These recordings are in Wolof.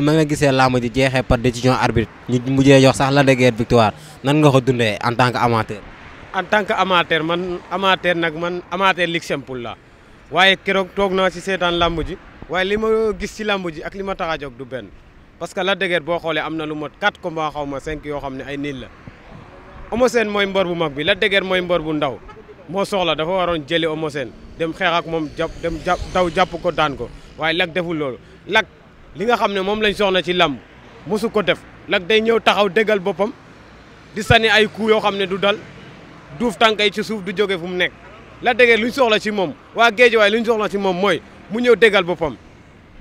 ma nga gisee làmb ji jeexee par décision arbitre ñu mujjee jox sax la dégeer victoire nan nga ko dundee en tant que amateur en tant que amateur man amateur nag man amateur lig simple la waaye keroog toog naa ci seetaan làmb ji waaye li ma gis ci làmb ji ak li ma tax a jóg du benn parce que la dégeer boo xoolee am na lu ma 4 combats xaw ma 5 yoo xam ne ay niil la Eumeu Sène mooy mbor bu mag bi la dégeer mooy mbor bu ndaw moo soxla dafa waroon jëli Eumeu Sène dem xeex ak moom jàpp dem jàpp daw jàpp ko daan ko li nga xam ne moom lañ soxna ci làmb mosu ko def Lac day ñëw taxaw déggal boppam di sànni ay coups yoo xam ne du dal duuf tànk yi ci suuf du jóge fu mu nekk Lac de Guiers luñ soxla ci moom waa Géejawaay luñ soxla ci moom mooy mu ñëw déggal boppam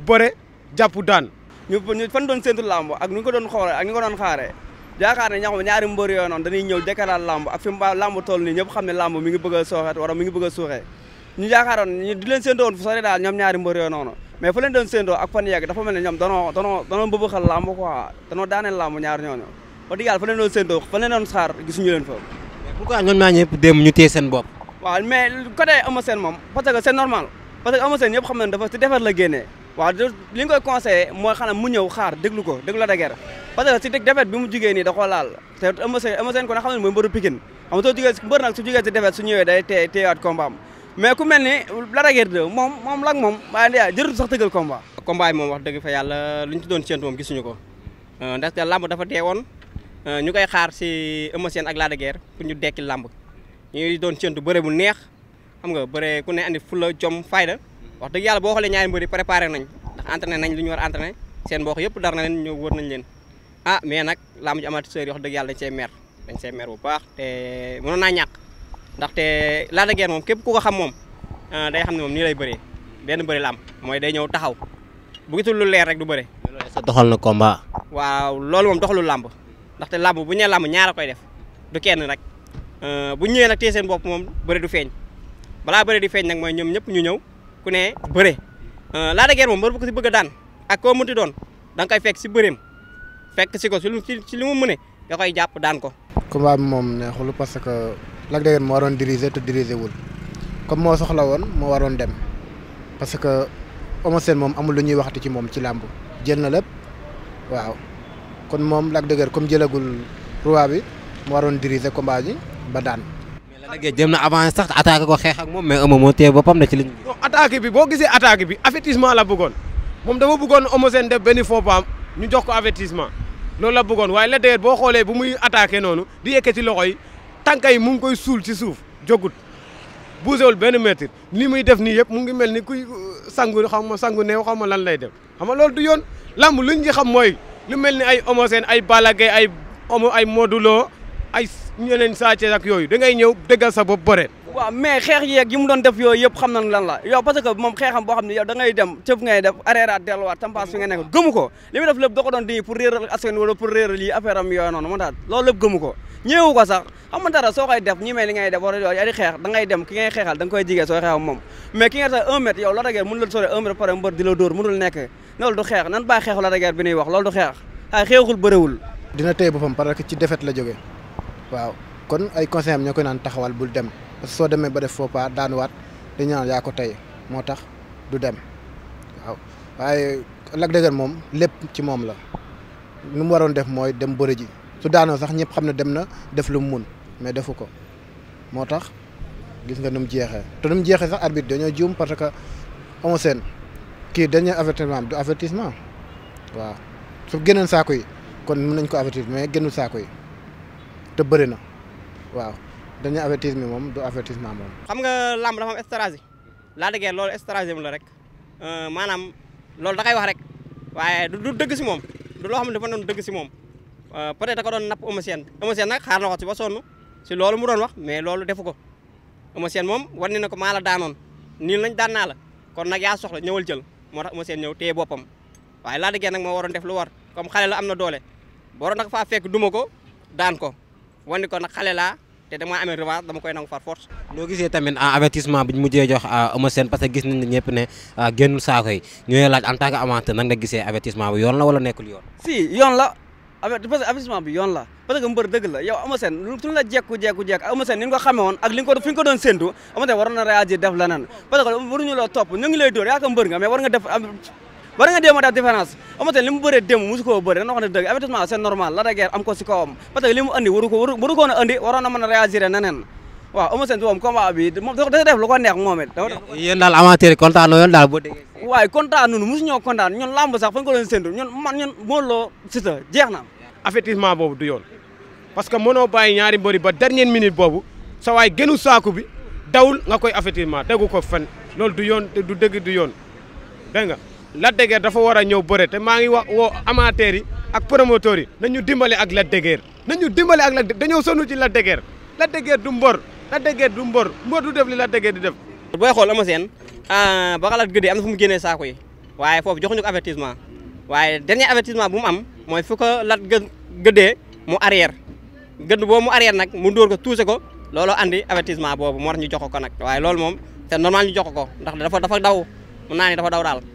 bëre jàpp daan ñu fan doon séntu làmb ak ñu ko doon xoolee ak ñu ko doon xaaree yaakaar ne ñax ñaari mbër yooyu noonu dañuy ñëw jëkkalaat làmb ak fi làmb toll nii ñëpp xam ne làmb mi ngi bëgg a sooxeet wala ngi ñu yaakaaroon ñu di leen séentoon fu sori daal ñoom ñaari mbër yooyu noonu mais fu leen doon séentoo ak fan yegg dafa mel ne ñoom danoo danoo danoo mbëbëxal làmb quoi danoo daaneel làmb ñaar ñooñu wax dëgg yàlla fa leen doon séentoo fa leen doon xaar gisuñu leen fa pourquoi ñoom ñaar ñëpp dem ñu téye seen bopp waaw mais côté Eumeu Sène moom parce que c'est normal parce que Eumeu Sène ñëpp xam nañ dafa ci defar la génnee waaw li nga koy conseillé mooy xanaa mu ñëw xaar déglu ko déglu la daguer parce que si dëg defet bi mu jugee nii da koo laal te Eumeu Sène Eumeu Sène ko ne xam ne mooy mbëru Pikine xam soo jugee mbër nag su jugee si defet su ñëwee day téye téyewaat combat am mais ku mel ni Lac de Guiers moom moom lak moom waaye jërëjëf sax tëggal combat. combat moom wax dëgg fa yàlla lu ñu ci doon séntu moom gisuñu ko euh, ndaxte làmb dafa dee woon euh, ñu koy xaar si Eumeu Sène ak Lac de pour ñu dekki làmb ñu doon séntu bëre bu neex xam nga bëre ku ne andi fula jom fayda wax dëgg yàlla boo xoolee ñaari mbër yi préparé nañ ndax entraîné nañ lu ñu war a entraîné seen mbokk yëpp dar na leen ñëw wër nañ leen ah mais nag làmb ji amatiseur yi wax yàlla dañ see dañ see mer bu baax te mënoon naa ñàkk ndaxte Lac de moom képp ku ko xam moom ah, day xam ne moom nii lay bëree benn bëri làmb mooy day ñëw taxaw bu gisul lu leer rek du bëre. sa doxal na combat. waaw loolu moom doxalul làmb ndaxte làmb bu ñu làmb ñaar koy def du kenn nag ah, bu ñëwee nag téye seen moom bëri du feeñ balaa bëri di feeñ nag mooy ñoom ñëpp ñu ñëw ku ne bëre. Ah, Lac de Guiers moom bëgg a daan ak koo mënti doon da koy fekk si bëreem fekk si ko si lu si mu mëne nga koy jàpp daan ko. combat bi moom neexul parce que. Lac de Guiers moo waroon diriger te diriger wul comme moo soxla woon moo waroon dem parce que Eumeu Sène moom amul lu ñuy waxati ci moom ci làmb jël na lépp waaw kon moom Lac de Guiers comme jëlagul roi bi bi ba daan. mais Lac de Guiers jëm na avancé sax attaqué ko xeex ak moom mais Eumeu moo téye boppam na ci ligne bi. non attaque bi boo gisee attaque bi avertissement la bëggoon moom dafa bëggoon Eumeu Sène def benn faux ñu jox ko avertissement loolu la bëggoon waaye Lac de boo xoolee bu muy attaqué noonu di ci loxo yi. tànka yi mu ngi koy suul ci suuf jogut bougéwul benn mètre li muy def nii yëpp mu ngi mel ni kuy uh, sangu xam ma sangu neew xam ma lan lay def xam nga loolu du yoon lamb luñ ci xam mooy lu mel ni ay Eumeu ay Balla ay omo ay Modou Lo ay ñeneen Sa Thiès yooyu da ngay ñëw dëggal sa bopp bëre waaw mais xeex yeeg yi mu doon def yooyu yëpp xam nañ lan la yow parce que moom xeexam boo xam ne yow da ngay dem cëf ngay def arreeraat delluwaat tampaas fi nga nekk gëmu ko li muy def lépp da ko doon dii pour réeral askan wala pour réeral yi affaire am yooyu noonu moo tax loolu lépp gëmu ko ñëwu sax xam dara soo koy def ñi mel ngay def wala yow xeex da dem ki ngay xeexal da nga xeex moom di xeex bi nuy wax loolu du xeex ay xeexul bëréwul naan taxawal bul dem parce que soo demee ba def faux pas daanuwaat di ñaan yaa ko tey moo tax du dem waaw waaye Lac de moom lépp ci moom la nu mu waroon def mooy dem bëre ji su daanoo sax ñëpp xam ne dem na def lu mu mun mais defu ko moo tax gis nga nu mu jeexee te nu mu jeexee sax arbitre dañoo jum parce que Eumeu Sène kii dernier avertissement du avertissement waaw su génnoon saako yi kon mën nañ ko avertir mais génnul saako yi te bëri na waaw dañu avertissement moom du avertissement moom. xam nga làmb dafa am stratégie laa déggee loolu stratégie mu la rek euh, maanaam loolu da koy wax rek waaye du dëgg si moom du loo xam ne dafa doon dëgg si moom euh, peut-être ko doon napp Eumeu Sène Eumeu Sène na ko si ba sonn loolu mu doon wax mais loolu defu ko Eumeu Sène moom wan na ko maa la daanoon nii lañ daan naa la kon nag yaa soxla ñëwal jël moo tax Eumeu Sène ñëw téye boppam waaye laa déggee nag moo waroon def lu war comme xale la am na doole waroon nag faa fekk duma ko daan ko wan ni ko nag xale laa. te dama amee revanche dama koy nangu far force. loo tamit ah, avertissement bi ñu jox ah, Eumeu Sène gis nañ ne ñëpp ne ah, ñooy laaj en tant que amateur nan nga gisee avertissement bi la wala nekkul yoon. si la parce que avertissement bi yoon la parce que mbër dëgg la ko xamee woon ak li nga doon séntu Eumeu waroon na réagir def leneen parce que waruñu la topp ñu ngi lay dóor yaa ko mbër nga mais war nga def war nga jéem a def différence Eumeu Sène li mu bëree démb mosu koo bëree dana wax ne dëgg avertissement c'est normal la guerre am ko si kawam parce que li mu andi waru ko waru ko andi waroon na mën a réagir neneen waaw Eumeu Sène moom combat bi moom dafa def lu ko neex moom it yéen daal amateur kontaanoo yoon daal boo déggee waaye kontaan nunu mosu ñoo kontaan ñun lamb sax fa ñu ko doon séntu ñun man ñun mooloo si ta jeex na avertissement boobu du yoon parce que mënoo bàyyi ñaari mbëri ba dernière minute boobu sa waay gënu saaku bi dawul nga koy avertissement tegu ko fen loolu du yoon du dëgg du yoon dégg nga la de dafa war a ñëw bëre te maa ngi wax woo amateurs yi ak promoteurs yi nañu dimbale ak la de Guiers nañu dimbale ak Lac de dañoo sonn ci Lac de Guiers Lac de Guiers du mbor Lac de du mbor mbor du def li la de di def booy xool ama seen ah, ba xalaat gëddee am na fu mu génnee saako yi waaye foofu jox ko avertissement waaye dernier avertissement bu mu am mooy fu ko Lac gëddee mu arrière gëdd boobu mu arrière nag mu door ko tuuse ko looloo andi avertissement boobu moo tax ñu jox ko nag waaye loolu moom c'est normal ñu jox ko ndax dafa dafa daw naa ne dafa daw daal